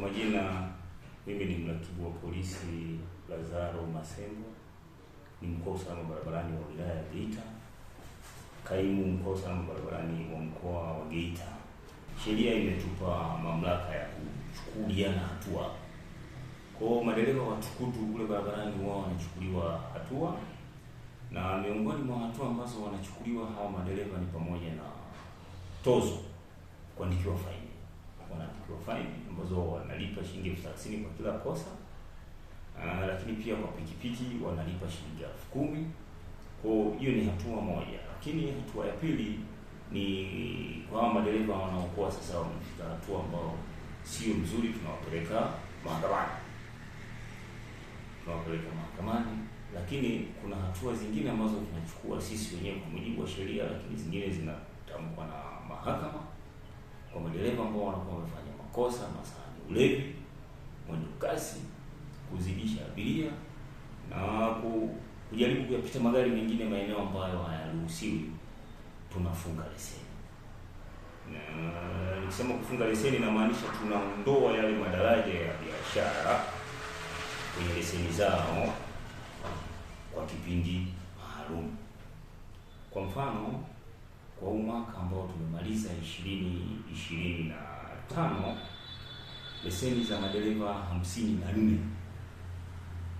Kwa majina mimi ni mratibu wa polisi Lazaro Masembo, ni mkuu wa usalama barabarani wa wilaya ya Geita, kaimu mkuu wa usalama barabarani wa mkoa wa Geita. Sheria imetupa mamlaka ya kuchukuliana hatua. Kwa hiyo madereva wa tukutu kule barabarani wao wanachukuliwa hatua, na miongoni mwa hatua ambazo wanachukuliwa hawa madereva ni pamoja na tozo, kuandikiwa faini wanatakiwa faini ambazo wanalipa shilingi elfu thelathini kwa kila kosa. Uh, lakini pia kwa pikipiki wanalipa shilingi elfu kumi. Kwa hiyo ni hatua moja, lakini hatua ya pili ni kwa madereva wanaokuwa sasa wamefika hatua ambao sio mzuri, tunawapeleka mahakamani, tunawapeleka mahakamani. Lakini kuna hatua zingine ambazo tunachukua sisi wenyewe kwa mujibu wa sheria, lakini zingine zinatamkwa na mahakama kwa madereva ambao wanakuwa wamefanya makosa masaa ulevi, mwendo kasi, kuzidisha abiria na kujaribu kuyapita magari mengine maeneo ambayo hayaruhusiwi, tunafunga leseni. Na nikisema kufunga leseni inamaanisha tunaondoa yale madaraja ya biashara kwenye leseni zao kwa kipindi maalum. Kwa mfano kwa huu mwaka ambao tumemaliza 2025 leseni za madereva 54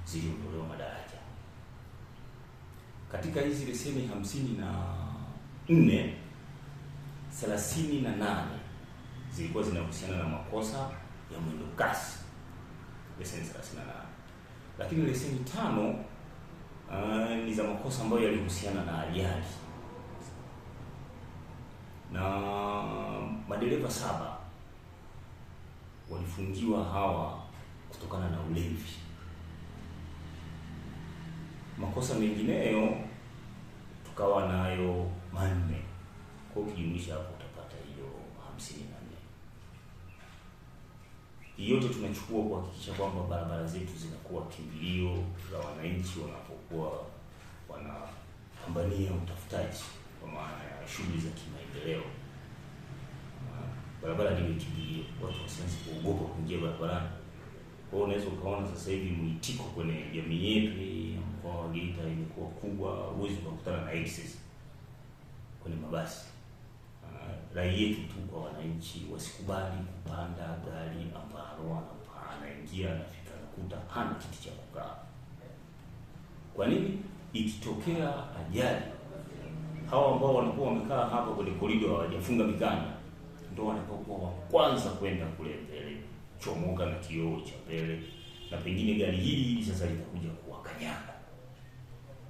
ziliondolewa madaraja. Katika hizi leseni 54, na na nane zilikuwa zinahusiana na makosa ya mwendo kasi, leseni 38, lakini leseni tano uh, ni za makosa ambayo yalihusiana na ajali na madereva saba walifungiwa hawa kutokana na ulevi. Makosa mengineyo tukawa nayo manne, kwa ukijumlisha hapo utapata hiyo hamsini na nne. Hii yote tunachukua kuhakikisha kwamba barabara zetu zinakuwa kimbilio za wananchi wanapokuwa wanapambania utafutaji kwa maana ya shughuli za kimaendeleo. Barabara ndio wiki, watu wasianze kuogopa kuingia barabarani. Kwa hiyo unaweza ukaona sasa hivi mwitiko kwenye jamii yetu ya mkoa wa Geita imekuwa kubwa, huwezi ukakutana na excess kwenye mabasi. Rai yetu tu kwa wananchi wasikubali kupanda gari ambalo anaingia anafika anakuta hana kiti cha kukaa. Kwa nini? Ikitokea ajali hawa ambao wanakuwa wamekaa hapa kwenye korido hawajafunga mikanda ndio wanapokuwa wa kwanza kwenda kule mbele, chomoka na kioo cha mbele, na pengine gari hili hili sasa litakuja kuwakanyaga.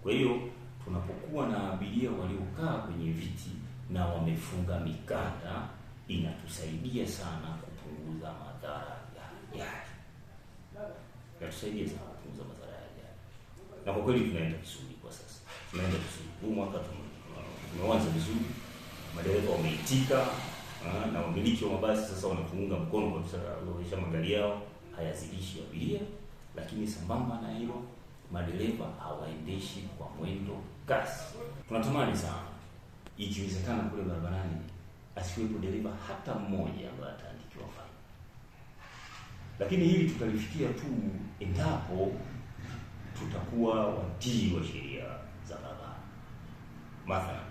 Kwa hiyo tunapokuwa na abiria waliokaa kwenye viti na wamefunga mikanda, inatusaidia sana kupunguza madhara ya ajali, inatusaidia sana kupunguza madhara ya ajali, na kwa kweli tunaenda Kisuli kwa sasa, tunaenda Kisuli huu mwaka umeanza vizuri, madereva wameitika ah, na wamiliki wa mabasi sasa wanakuunga mkono kwa kusafirisha magari yao hayazidishi abiria, lakini sambamba na hilo madereva hawaendeshi kwa mwendo kasi. Tunatamani sana ikiwezekana kule barabarani asiwepo dereva hata mmoja ambaye ataandikiwa faini, lakini hili tutalifikia tu endapo tutakuwa watii wa sheria za barabara mathalan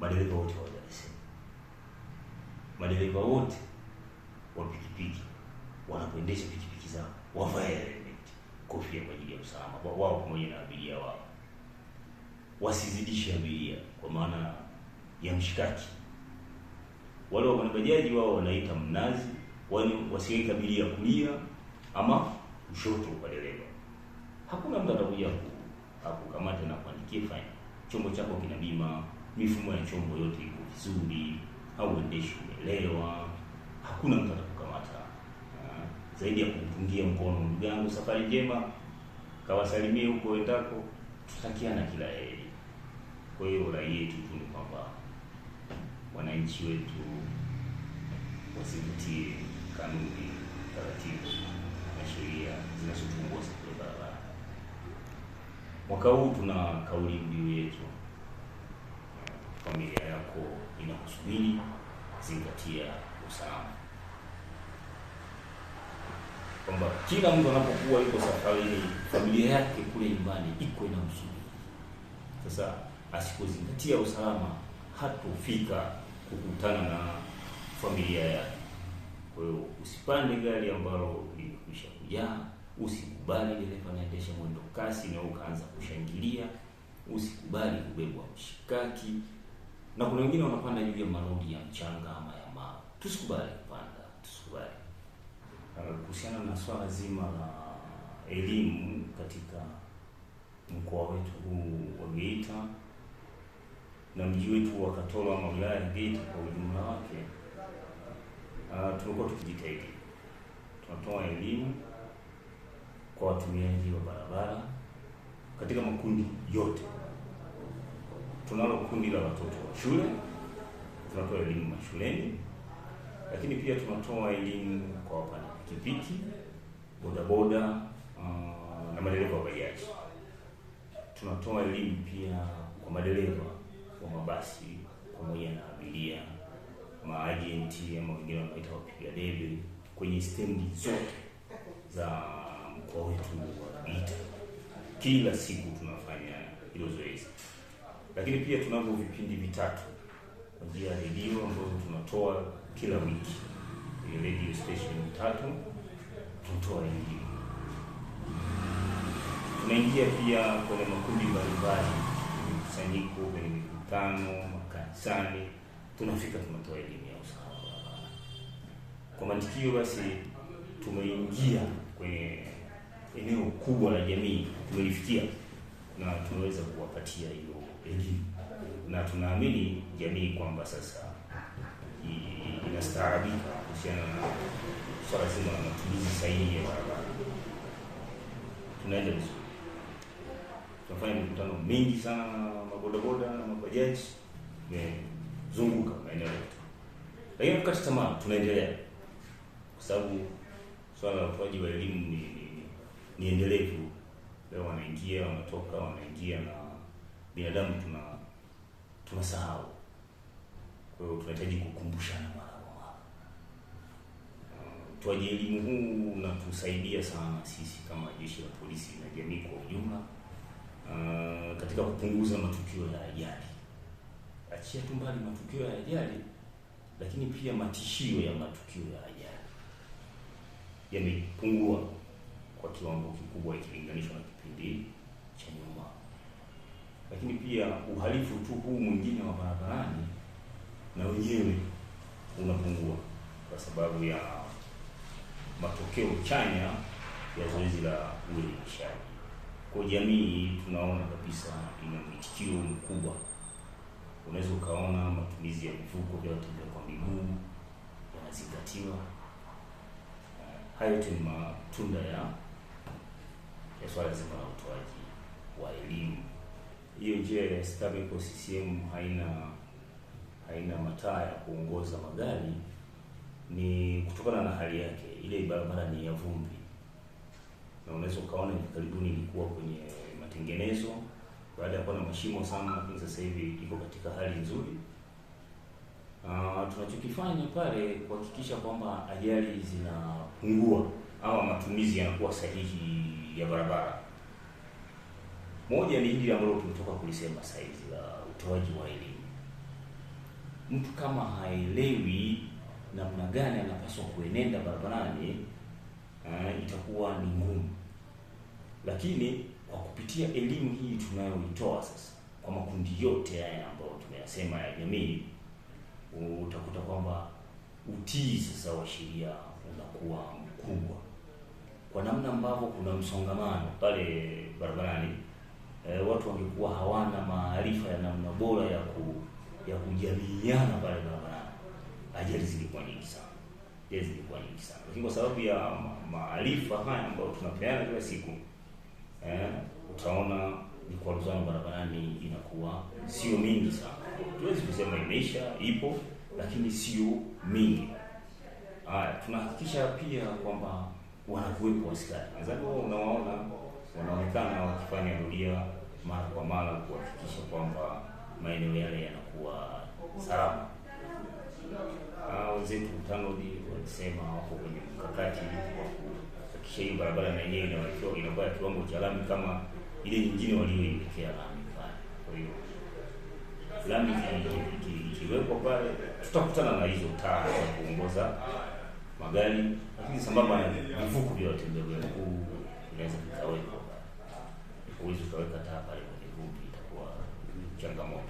madereva wote wa leseni, madereva wote wa pikipiki wanapoendesha pikipiki zao wavae helmet, kofia kwa ajili ya usalama wao pamoja na abiria wao, wasizidishe abiria kwa maana ya mshikaki. Wale wa bajaji wao wanaita mnazi, wani wasiweke abiria kulia ama mshoto kwa dereva. Hakuna mtu atakuja hakukamata na kuandikia faini. Chombo chako kina bima mifumo ya chombo yote iko vizuri au uendeshi umeelewa, hakuna mtu atakukamata ah, zaidi ya kumpungia mkono. Ndugu yangu, safari njema, kawasalimie huko wendako, tutakiana kila heri. Kwa hiyo rai yetu tu ni kwamba wananchi wetu wasivutie kanuni, taratibu na sheria zinazotuongoza kule barabara. Mwaka huu tuna kauli mbiu yetu familia yako inakusubiri. Zingatia usalama, kwamba kila mtu anapokuwa yuko safarini, familia yake kule nyumbani iko inamsubiri. Sasa asipozingatia usalama, hatofika kukutana na familia yake. Kwa hiyo usipande gari ambalo limekwisha kujaa, usikubali dereva anaendesha mwendo kasi na ukaanza kushangilia, usikubali kubebwa mshikaki na kuna wengine wanapanda juu ya marodi ya mchanga ama ya mawe. Tusikubali kupanda, tusikubali. Kuhusiana na swala zima la elimu katika mkoa wetu huu wa Geita na mji wetu wa Katoro ama wilaya ya Geita kwa ujumla wake, uh, tumekuwa tukijitahidi, tunatoa elimu kwa watumiaji wa barabara katika makundi yote tunalo kundi la watoto wa shule, tunatoa elimu mashuleni, lakini pia tunatoa elimu kwa wapanda pikipiki, bodaboda mm, na madereva wa bajaji. Tunatoa elimu pia kwa madereva wa mabasi pamoja na abiria, maajenti ama wengine wanaita wapiga debe kwenye stendi zote za mkoa wetu wa Geita. Kila siku tunafanya hilo zoezi lakini pia tunavyo vipindi vitatu kwa njia ya redio ambazo tunatoa kila wiki, radio station tatu tunatoa redio. Tunaingia pia kwenye makundi mbalimbali, mkusanyiko, kwenye mikutano, makanisani, tunafika tunatoa elimu ya usalama barabarani. Kwa mantikio basi, tumeingia kwenye eneo kubwa la jamii, tumelifikia na tumeweza kuwapatia hiyo elimu, na tunaamini jamii kwamba sasa inastaarabika kuhusiana na swala zima la matumizi sahihi ya barabara. Tunaenda vizuri, tunafanya mikutano mingi sana na mabodaboda na mabajaji, tumezunguka maeneo yote, lakini wakati tamaa, tunaendelea kwa sababu swala la utoaji wa elimu ni, ni, ni endelevu leo wanaingia wanatoka, wanaingia na binadamu tuna tunasahau. Kwa hiyo tunahitaji kukumbushana mara kwa mara. Utoaji elimu huu unatusaidia sana sisi kama jeshi la polisi na jamii kwa ujumla, eh, katika kupunguza matukio ya ajali, achia tu mbali matukio ya ajali, lakini pia matishio ya matukio ya ajali yamepungua kwa kiwango kikubwa ikilinganishwa na kipindi cha nyuma. Lakini pia uhalifu tu huu mwingine wa barabarani na wenyewe unapungua kwa sababu ya matokeo chanya ya zoezi la uelimishaji. Kwa jamii tunaona kabisa ina mwitikio mkubwa. Unaweza ukaona matumizi ya vivuko vya watembea kwa miguu yanazingatiwa. Hayo yote ni matunda ya ya swala zima la utoaji wa elimu. Hiyo njia ya kwa CCM haina haina mataa ya kuongoza magari, ni kutokana na hali yake. Ile barabara ni ya vumbi, na unaweza ukaona hivi karibuni ilikuwa kwenye matengenezo baada ya kuwa na mashimo sana, lakini sasa hivi iko katika hali nzuri. Uh, tunachokifanya pale kuhakikisha kwamba ajali zinapungua ama matumizi yanakuwa sahihi ya barabara. Moja ni hili ambalo tumetoka kulisema sasa hivi la utoaji wa elimu. Mtu kama haelewi namna gani anapaswa kuenenda barabarani, uh, itakuwa ni ngumu, lakini kwa kupitia elimu hii tunayoitoa sasa kwa makundi yote haya ambayo tumeyasema ya jamii, utakuta kwamba utii sasa wa sheria unakuwa mkubwa kwa namna ambavyo kuna msongamano pale barabarani e, watu wangekuwa hawana maarifa ya namna bora ya ku, ya kujamiiana pale barabarani, ajali zilikuwa nyingi sana, ajali zilikuwa nyingi sana. Lakini kwa sababu ya maarifa haya ambayo tunapeana kila siku e, utaona mikwaruzano barabarani inakuwa sio mingi sana. Tuwezi kusema imeisha, ipo lakini sio mingi. Haya, tunahakikisha pia kwamba wanakuwepo askari. Nadhani wao unawaona wanaonekana wakifanya doria mara kwa mara kuhakikisha kwamba maeneo yale yanakuwa salama. Wenzetu TANROADS walisema wako kwenye mkakati wa kuhakikisha hii barabara na yenyewe inakuwa ya kiwango cha lami kama ile nyingine walioiwekea lami pale. Kwa hiyo lami ikiwekwa pale, tutakutana na hizo taa za kuongoza magari, lakini sambamba na vivuko vya watembea kwa miguu vinaweza kutaweka Huwezi ukaweka taa pale kwenye vumbi, itakuwa changamoto.